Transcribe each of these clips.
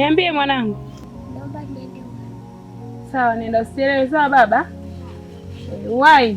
Niambie mwanangu. Sawa, nenda usichelewe. Sawa baba, wai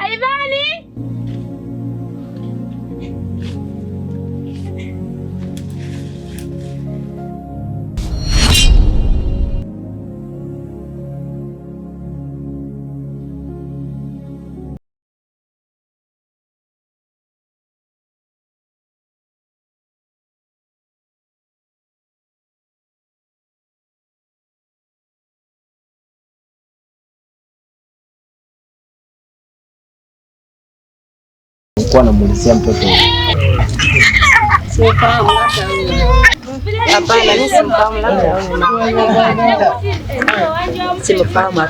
Ay, Nilikuwa namuulizia mtoto simfahamu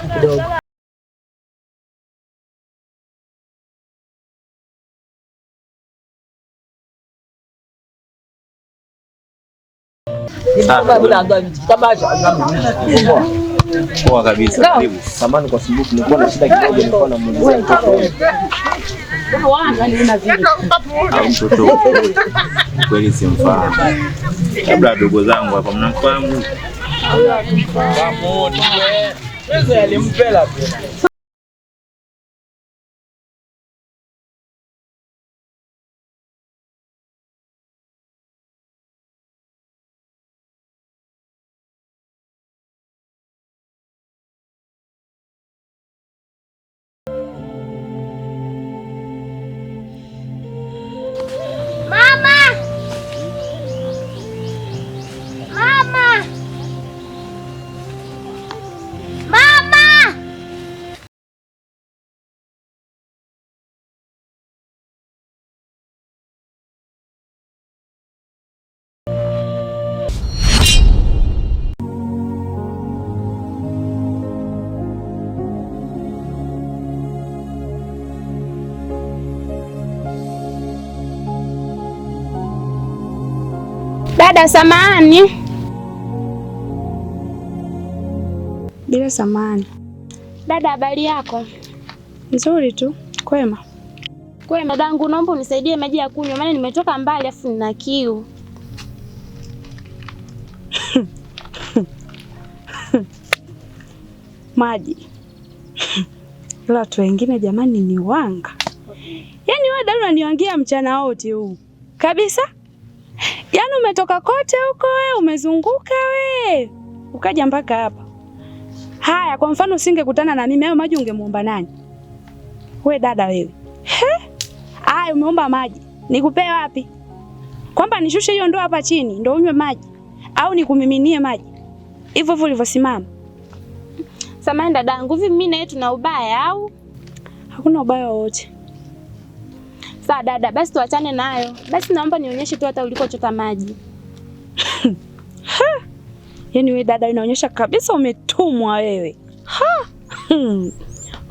hata kidogo. Poa kabisa. Karibu. Samahani kwa sababu nilikuwa na shida kidogo, nilikuwa na mtoto. mtoto kweli simfahamu, labda zangu hapa mnamfahamu? Dada, samani. Bila samani. Dada, habari yako? Nzuri tu, kwema. Kwema dangu, naomba unisaidie maji ya kunywa, maana nimetoka mbali afu nina kiu. maji ila watu wengine jamani, ni wanga. Yaani wewe dada, mchana wote huu kabisa yaani umetoka kote huko we, umezunguka we, ukaja mpaka hapa. Haya, kwa mfano usingekutana na mimi, hayo maji ungemuomba nani? We dada wewe, haya umeomba maji, nikupee wapi? Kwamba nishushe hiyo ndoo hapa chini ndo unywe maji au nikumiminie maji? Hivyo hivyo ulivyosimama. Samahani dadangu, hivi mimi na yeye tuna ubaya au? Hakuna ubaya wowote dada, basi tuachane nayo. Basi naomba nionyeshe tu hata ulikochota maji. Yaani wewe dada, inaonyesha kabisa umetumwa wewe. Hmm.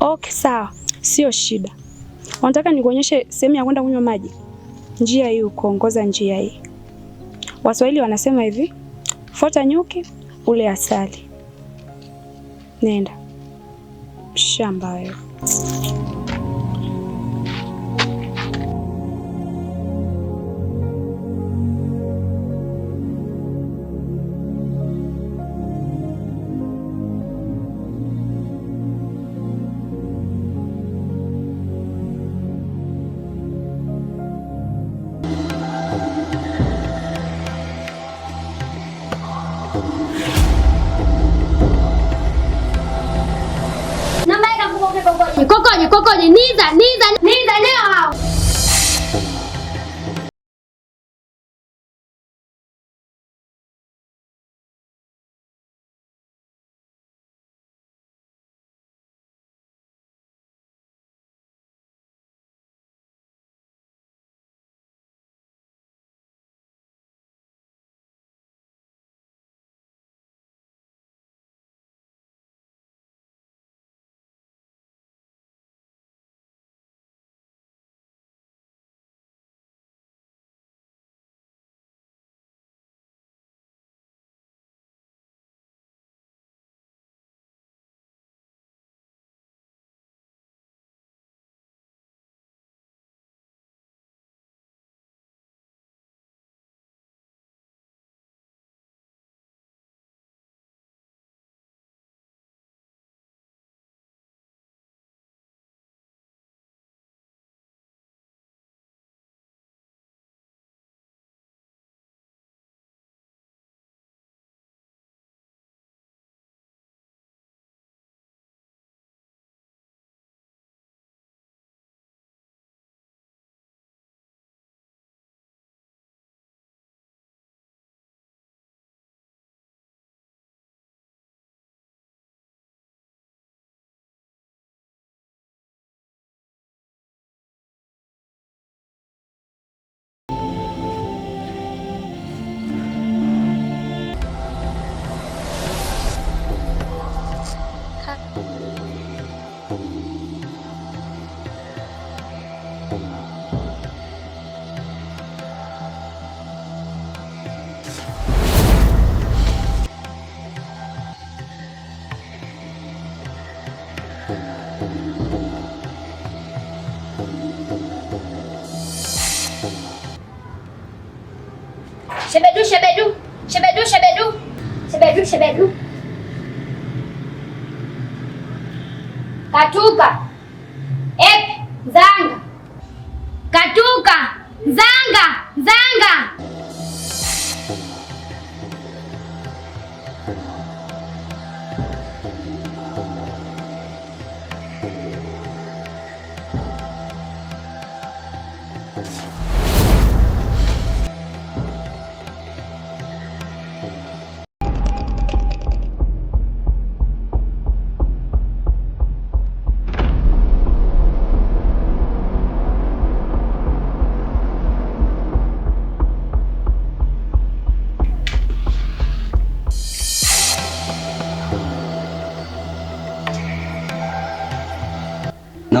Okay, sawa, sio shida. Unataka nikuonyeshe sehemu ya kwenda kunywa maji? Njia hii ukoongoza njia hii. Waswahili wanasema hivi, fuata nyuki ule asali. Nenda shamba wewe. Oye, ni Shabedu, Shabedu, Shabedu, Shabedu, Shabedu, Shabedu. Katuka. Katuka.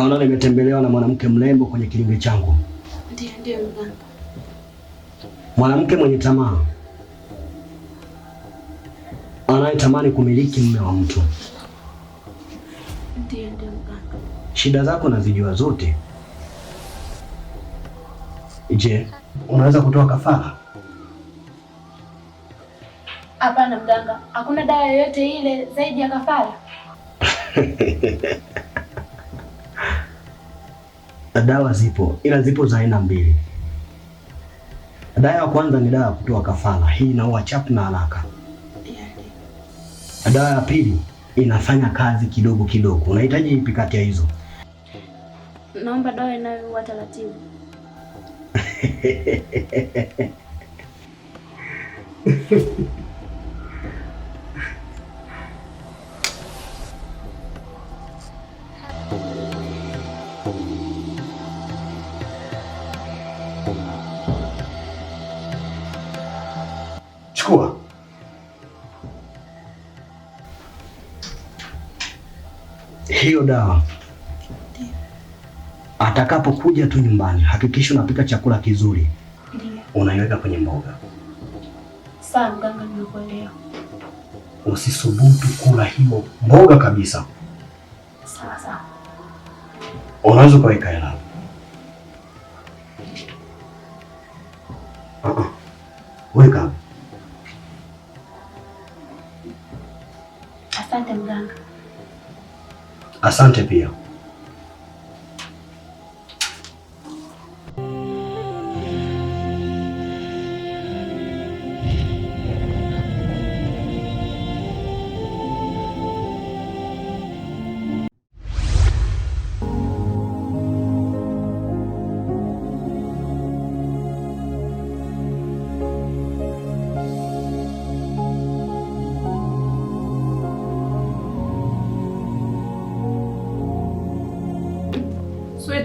Mfano nimetembelewa na mwanamke mrembo kwenye kilinge changu. Ndiyo, ndiyo mganga. Mwanamke mwenye tamaa anayetamani kumiliki mume wa mtu. Ndiyo, ndiyo mganga. Shida zako nazijua zote. Je, unaweza kutoa kafara? Hapana mganga, hakuna dawa yoyote ile zaidi ya kafara. Dawa zipo ila zipo za aina mbili. Dawa ya kwanza ni dawa ya kutoa kafara, hii inaua chapu na haraka. Dawa ya pili inafanya kazi kidogo kidogo. Unahitaji ipi kati ya hizo? Naomba dawa inayoua taratibu. hiyo dawa. Atakapokuja tu nyumbani, hakikisha unapika chakula kizuri, unaiweka kwenye mboga. Sawa mganga, nimekuelewa. Usisubutu kula hiyo mboga kabisa. Sawa sawa, unaweza ukaweka hela စမ်းတင်ပေးအောင်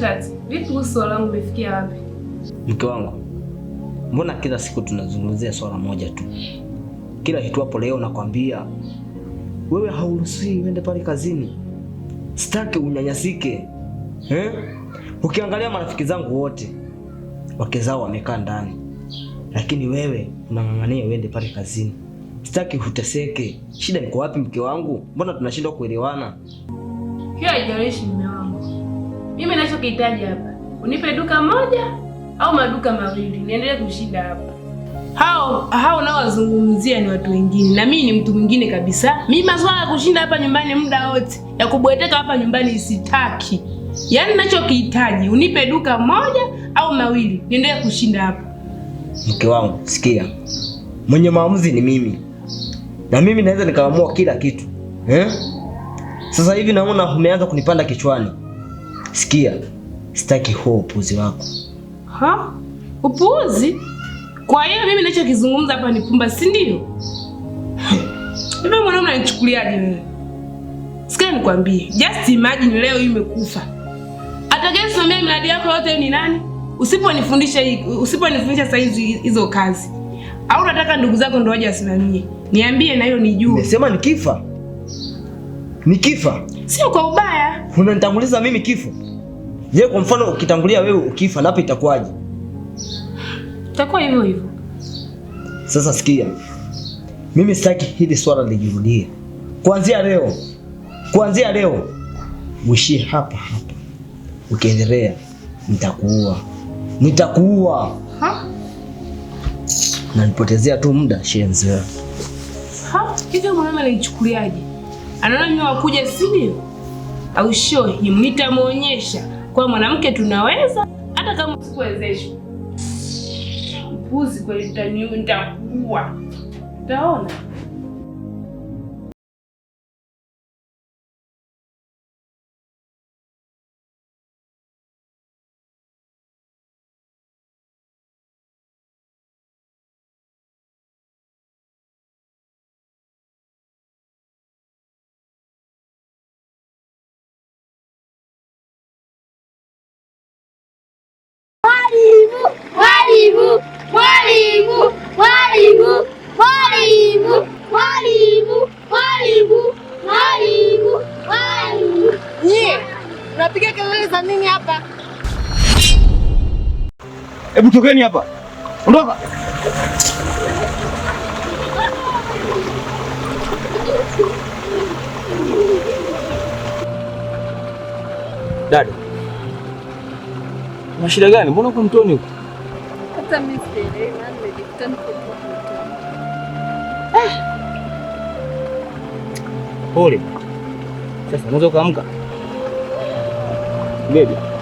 Clatous, vipi kuhusu swala langu umefikia wapi? Mke wangu, mbona kila siku tunazungumzia swala moja tu? Kila kitu hapo, leo nakwambia wewe hauruhusiwi uende pale kazini, sitaki unyanyasike eh? Ukiangalia marafiki zangu wote wake zao wamekaa ndani, lakini wewe unang'ang'ania uende pale kazini. Sitaki uteseke. Shida iko wapi mke wangu? Mbona tunashindwa kuelewana? Hiyo haijalishi mume mimi ninachokihitaji hapa, unipe duka moja au maduka mawili niendelee kushinda hapa. Hao hao nawazungumzia ni watu wengine, na mimi ni mtu mwingine kabisa. Mimi maswala ya kushinda hapa nyumbani muda wote ya kubweteka hapa nyumbani sitaki. Yaani ninachokihitaji unipe duka moja au mawili niendelee kushinda hapa. Mke wangu, sikia, mwenye maamuzi ni mimi, na mimi naweza nikaamua kila kitu eh? Sasa hivi naona umeanza kunipanda kichwani. Sikia, sitaki huo upuzi wako. Ha? Upuzi? Kwa hiyo mimi ninachokizungumza hapa ni pumba, si ndio? Hivi mwanaume unanichukuliaje wewe? Sikia nikwambie, just imagine leo hii umekufa. Atakayesimamia miradi yako yote ni nani? Usiponifundisha hii, usiponifundisha sasa hizi hizo kazi. Au unataka ndugu zako ndio waje wasimamie? Niambie na hiyo nijue. Nimesema nikifa kifa. sio kwa ubaya. Unanitanguliza mimi kifo? Je, kwa mfano ukitangulia wewe ukifa na hapa itakuwaje? Itakuwa hivyo hivyo. Sasa sikia, mimi sitaki hili swala lijirudie. Kuanzia leo, kuanzia leo uishie hapa hapa, ukiendelea nitakuua, nitakuua ha? na nipotezea tu muda, shenzi. Hivyo mwanamume alichukuliaje? anaona mimi wakuja, si ndio? Au sio? him, nitamwonyesha kwa mwanamke tunaweza, hata kama sikuwezeshwa. Mpuzi kweli, nitakuua, utaona. Mnacheza nini hapa? Hebu tokeni hapa. Ondoka. Dada. Una shida gani? Mbona uko mtoni huko? Hata mimi sielewi maana nimejikuta niko mtoni. Eh. Pole. Sasa unaweza kuamka? 列表。